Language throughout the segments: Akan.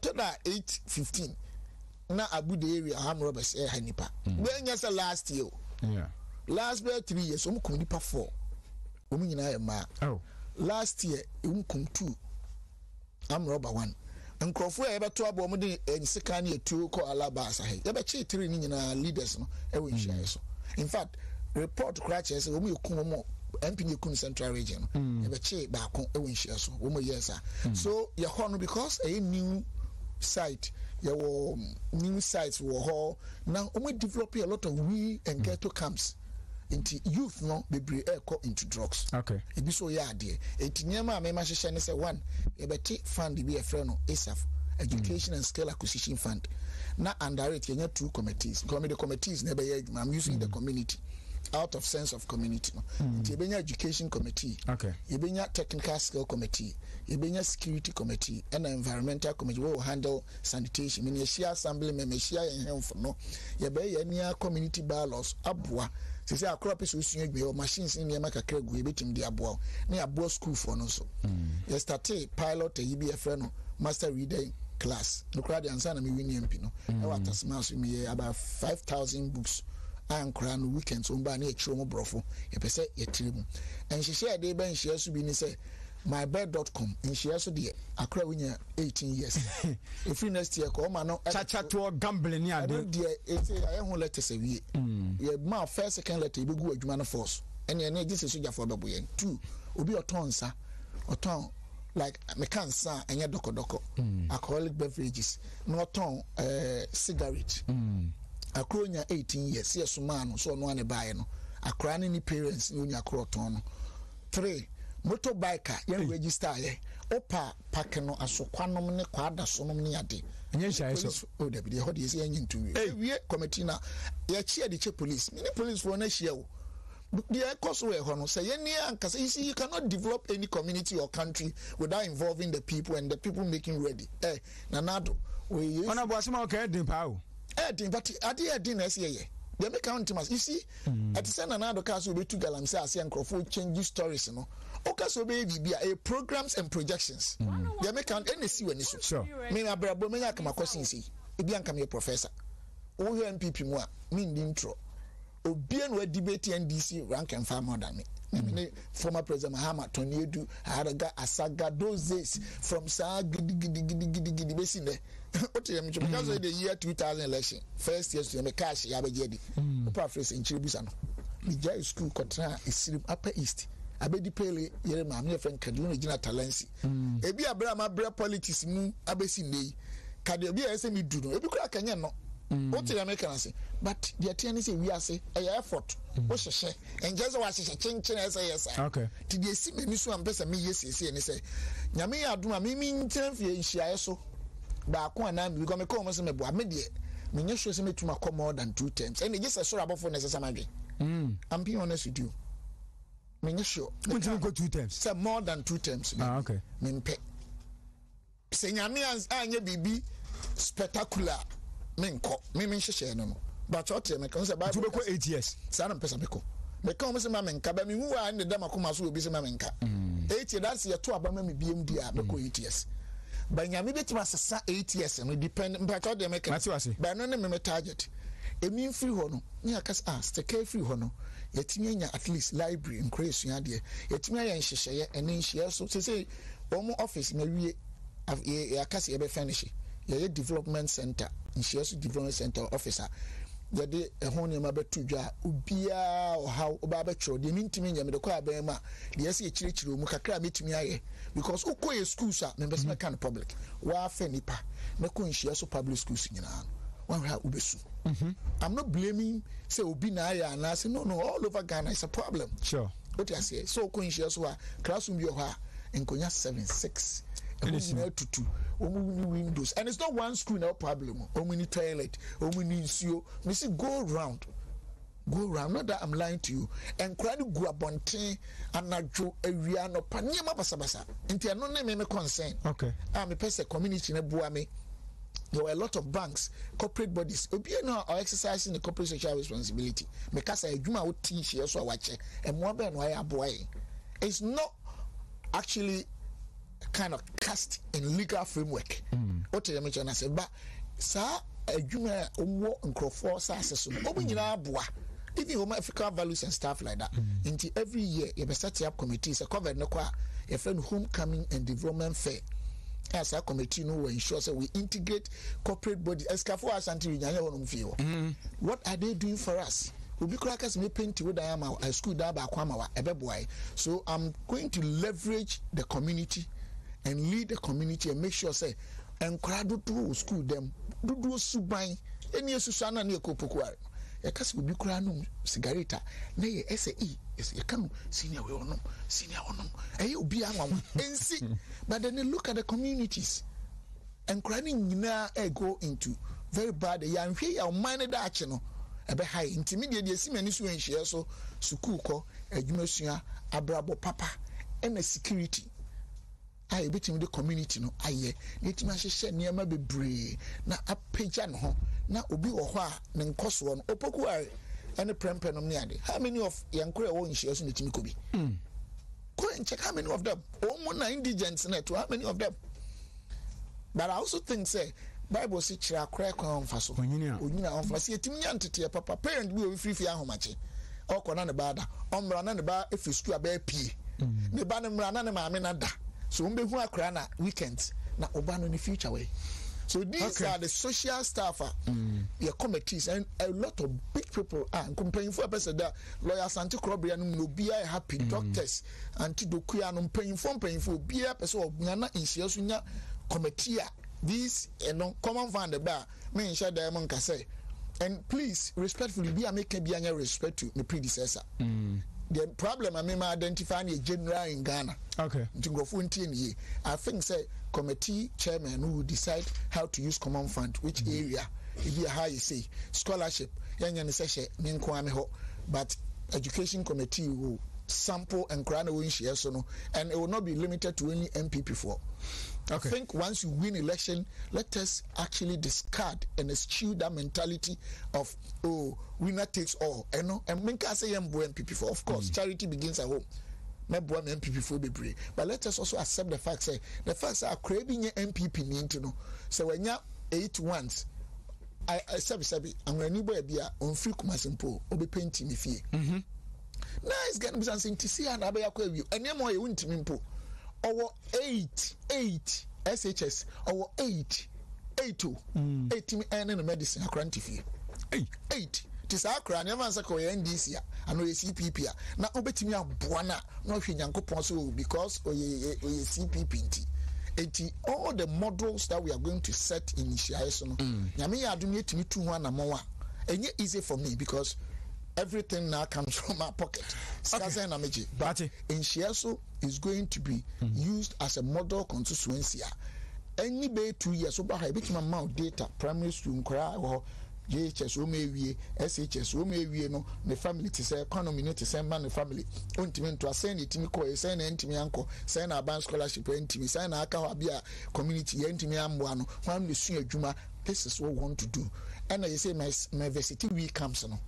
tɔda eight fifteen na abudu area ham roberts ɛha nipa bɛn nyɛ sɛ last year o last year three years wɔn kum nipa four wɔn nyinaa yɛ oh. mmaa last year wɔn kum two ham robber one nkurɔfoɔ a yɛbɛto aboɔ mo de eh, nsika ne etuo kɔ alaba asahi yɛbɛkye tiri ne nyinaa leaders no ɛwɔ hmm. nhyiaeɛ so in fact report kora kyerɛ sɛ wɔn yɛ kum wɔn mp ne kum central region no hmm. yɛbɛkye baako ɛwɔ nhyiaeɛ so wɔn yɛ saa hmm. so yɛ hɔ no because ɛyɛ new. site yɛwɔ new sites wɔ hɔ na wɔn develop a lot of we and mm. ghetto camps nti youth no bebree ɛɛkɔ into drugs okay. ebi so yɛ adeɛ nti nneɛma a mɛma hyehyɛ ne sɛ one yɛbɛte fund bi yɛfrɛ no asaf education mm. and skill acquisition fund na under it yɛnyɛ two committees because the committees na ɛbɛyɛ adwuma i'm using mm. the community. out of sense of community no hmm. nti yɛbɛnya education committee okay yɛbɛnya technical skill committee yɛbɛnya security committee ɛna environmental committee wɔwɔ handle sanitation mene yɛhyia assembly mɛma yɛhyia yɛn hɛmfo no yɛbɛyɛ yɛnia community bylaws aboa sisi akora pɛ sɛ osua adwuma yɛ machines ne nneɛma kakra gu yɛbɛtumi de aboa ne aboa schoolfoɔ no nso hmm. yɛstate pilot ayi bi yɛfrɛ no master reading class nokora de ansa na mewi ne mpi no ɛwɔ hmm. atasema so meyɛ about five thousand books a nkora no weekend so mbaa ne yɛkyerɛ mu borɔfo yɛpɛ sɛ yɛtiri mu nhyehyɛ a yɛde bɛ nhyia so bi ne sɛ mybed.com nhyia so deɛ akora wonya 18 years ɛfiri next year kɔ ɔma no chakyatoɔ gamble ne ade deɛ ɛsɛ ayɛ ho letters awie hmm. yɛma first second letter yɛbɛgu adwuma no force ɛne ɛne gye sɛ sogyafoɔ bɛbo yɛn two obi ɔtɔn nsa ɔtɔn like meka nsa a ɛnyɛ dɔkɔdɔkɔ hmm. alcoholic beverages na ɔtɔn uh, eh, cigarette mm akoro nya eighteen years yɛ soma ano so ɔno ane baayɛ no akora ne ne parents ne onya akoro tɔn no three motor bike a yɛn register yɛ opa park no asokwanom ne kwaada sonom ne ade. nye nhyɛn so o oh, dabi de ɛhɔ de yɛsi yɛn nye ntum ewie committee na yɛkyi yɛde kye police mini police wɔn ahyia o deɛ ɛkɔ so wɔ ɛhɔ no sɛ yɛn ni ankasa you see you cannot develop any community or country without involving the people and the people making ready ɛ nana do. ɔnabɔ asoma ɔkɛ ɛdin paa o ɛɛdin but adeɛ ɛɛdin na ɛsi ɛyɛ deɛ meka ho ntoma you see ɛte hmm. sɛ nana ado kaa sɛ obetu galamsey ase nkurɔfoɔ change stories no woka sɛ wobɛyɛ biribi a eh, ɛyɛ programs and projections deɛ meka ho ɛna ɛsi w'ani so me abrabɔ mɛnya akamakɔ sensei ebi anka meyɛ professor wohwɛ npp mu a mendi ntorɔ obia na wadi beti ndc rank and file more than me mm former president mahama toniedu araga asaga doses days from saa gidigidigidigidi besi nɛ o ti yɛ mi twɛ because of mm. the year 2000 election first year student mi cash yaba jɛ di mm. o pa afirisi nkyiri busa no mi gya school kɔtena esirim upper east abedi pele yɛrɛ maame yɛ fɛ nkadi wɔn gyina talansi mm. ebi abira ma abira politics mu abesi nne yi kadi ebi a yɛ sɛ mi no ebi kura kɛnyɛ no. o ti yɛ mi kana se but deɛ tiɛ ni sɛ wiase ɛyɛ effort o hyehyɛ ɛnjɛ sɛ wahyehyɛ kyenkyen ɛsɛ yɛ sa ti deɛ si mɛ so a mpɛ sɛ mi siesie ni sɛ nyame yɛ adum a mi mi nkyɛn nhyiaeɛ so baako anan mi because mi mo sɛ mi bu deɛ mi nye sɛ mi tuma more than two times ɛna gye sɛ soro abɔfo na ɛsɛ sɛ ma dwe mm. i'm being honest with you mi two times. sɛ more than two times. ah okay. sɛ nyame anyɛ biribi spectacular. menkɔ meme nhyehyɛɛ no no but ɔteɛ meka sɛ bibɛkɔ eight years saa na mpɛ sɛ mekɔ meka wɔm sɛ ma menka ba mehu a ne da makoma so obi sɛ ma menka mm. eight years that's yɛto aba ma mebiam di a mekɔ eight years ba nyame bɛtumi asesa eight years no depend mpatɔ deɛ meka ba no ne meme target ɛmi mfiri hɔ no ne aka sɛ ah sika firi hɔ no yɛtumi anya at least library nkora esua deɛ yɛtumi ayɛ nhyehyɛeɛ ɛne nhyehyɛ so sɛ sɛ wɔn office na wie yɛaka sɛ yɛbɛfɛn ne hyɛ yɛyɛ development center nhyia so development center officer yɛde ɛho nneɛma bɛto dwa a obiara ɔhaw ɔba abɛtwerɛ deɛ mentumi nyɛ mede kɔ abɛn mu a deɛ ɛsɛ yɛkyerɛkyerɛ mu kakra a metumi ayɛ because wokɔ yɛ schools a mempɛ sɛ mhm. mɛka no public waafɛ nipa mɛkɔ nhyia so public schools nyinaa no wahwɛ a wobɛsu mhm. i'm not blaming sɛ obi na ayɛ anaasɛ no no all over ghana is a problem sure wote aseɛ sɛ wokɔ nhyia so a classroom bi wɔ a nkonnwa seven six ɛhɔ nyinaa tutu wɔn ni windows and it's not one screen. No problem wɔn ni toilet wɔn ni nsuo me si go round go round not that i'm lying to you nkura ni gu abɔnten anadwo awia anɔpa nneɛma basabasa nti ɛno ne mi me concern okay a mi pɛ sɛ community ne bua mi there were a lot of banks corporate bodies obi yẹn na ọ exercising the corporate social responsibility mekasa edwuma a o ti nhyia so a wakyɛ ɛmoa e bɛn na ɔyɛ aboa yɛ it's not actually kind of cast in legal framework wote yɛm kyɛ no sɛ ba saa adwuma a ɔwɔ nkurɔfoɔ saase so no ɔmu hmm. nyinaa boa even home africa values and stuff like that mm. nti every year yɛbɛ set up committee sɛ covid no kɔ a yɛfrɛ no homecoming and development fair a saa committee no wɔ ensure sɛ we integrate corporate body ɛsikafo asante winyanya wɔ nom fie wɔ hmm. what are they doing for us obi koraa kasa mi penti wo dan ama wa school dan baako ama wa ɛbɛ boa yi so i'm going to leverage the community and lead the community and make sure say nkwaraa dodoɔ wɔ school dɛm dodoɔ suban ɛni esusu anan ne ɛkɔ pokuare yɛka sɛ obi koraa nom sigareta na yɛ ɛsɛ e yɛka no senior wei ɔnom senior ɔnom ɛyɛ obi anwanwa ɛnsi but then they look at the communities nkwaraa no nyinaa ɛgo into very bad yɛanhwɛ yɛ ɔman no daakye no ɛbɛha yi nti mi deɛ deɛ si m'ani so wɔ nhyia so sukuu kɔ adwuma abrabɔ papa ɛna security a yɛbɛtumi de community no ayɛ na yɛtumi ahyehyɛ nneɛma bebree na apagya ne ho na obi wɔ hɔ a ne nkɔsoɔ no opokuare ɛne prɛmpɛ ne ade how many of yɛn kora ɛwɔ nhyia so na ɛtumi kɔ bi hmm. go and check how many of them wɔn mu na indigents na ɛto how many of them but i also think say bible si kyerɛ akora ɛkwan ɔnfa so onyini a onyini a ɔnfa so yɛtumi nya nteteɛ papa parent bi a obi firifiri ahomakye ɔkɔ na ne ba da ɔmmra na ne ba efi sukuu abɛɛ pie hmm. ne ba ne mmra na ne maame na da so wọn bɛ hu akora na weekend na ɔba no ne future wɛ so these okay. are the social staff ah mm. committees and a lot of big people ah mpanyinfo a pɛsɛ da lawyers anti korobea no mu obiara happy mm. doctors anti dokuya no mpanyinfo mpanyinfo obiara pɛsɛ ɔgbina na nhyia so nya committee a these ɛno common fund ba a mi nhyɛ dan mu nkasɛ and please respectfully bi a mi ka bi anya respect to my predecessor. Mm the problem I mean my a general in Ghana. Okay. Ntingofunti I think say committee chairman who decide how to use common fund, which mm. area, if you how you say scholarship, yan yan session, but education committee who sample nkora na wɔn nhyia so no and it will not be limited to any npp for. Okay. I think once you win election, let us actually discard and eschew that mentality of oh winner takes all. You know, and make us say MPP for of course mm. charity begins at home. mɛboa ma npp foɔ bebree but let us also accept the fact sɛ the fact sɛ akora bi nyɛ npp ni nti no sɛ wanya eight ones sɛbisɛbi ahoani bɔ ɛbi a ɔmfiri kumasi mpo ɔbɛpɛ ntimi fie. Mm -hmm nice guy no bisa nse nti si ha na abɛyɛ akɔ awie ɛnneɛma ɔyɛ wontumi mpo ɔwɔ eight eight shs ɔwɔ eight eight o ɛtumi ɛne no medicine akora nti fie eight te saa akora nneɛma nsa kɔ ɔyɛ ndc a anaa ɔyɛ cpp a na wobɛtumi aboa no a na ɔhwɛ nyankopɔn so wɔ because ɔyɛ ɔyɛ cpp nti eti all the models that we are going to set in nhyiaeɛ so no nyame yɛ adum yɛtumi tu ho anammɔn a ɛnyɛ easy for me because everything now comes from our pocket. Skaza and Amechi. But Nshiaso is going to be mm-hmm. used as a model constituency. Any bay two years, so by which amount data, primary school, cry or JHS wo SHS wo no ne family te sɛ economy ne te sɛ mma ne family ontumi ntoa sɛn na etumi kɔɛ sɛn na ntumi ankɔ sɛn na aban scholarship ntumi sɛn na aka hɔ abia community yɛ ntumi amboa no wɔn am ne this is what we want to do And yɛ sɛ my my varsity week comes no.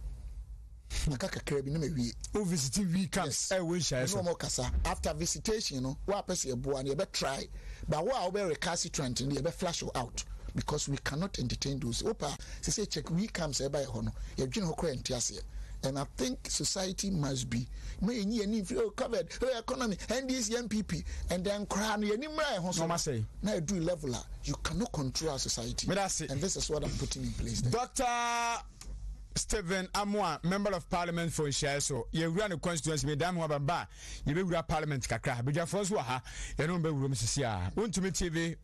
aka kakra bi na ma wie. o visit weekend ẹ wo nhyia ẹsẹ. ẹnu ọmọ kasa after visitation no wa apẹ si ẹbu ani ẹbẹ try but wo a wọbẹ recalcitrant ni ẹbẹ flash out because we cannot entertain those opa sise check we camps ẹ ba yẹ họ no yẹ dwi na ọkọ yẹ nti aseɛ and i think society must be mo yɛ nyi yɛ ni nfiri o oh, covered oh, economy ndc npp and then koraa no yɛ ni mmerɛ yɛ ho so na edu level a you cannot control our society and this is what i'm putting in place doctor stephen amoa member of parliament for nhyiaeɛ so yɛwura ne constituency mi dan mu ababa yɛbɛwura parliament kakra abadwafoɔ nso wɔ ha yɛne bɛwura mu sisi a wontumi tv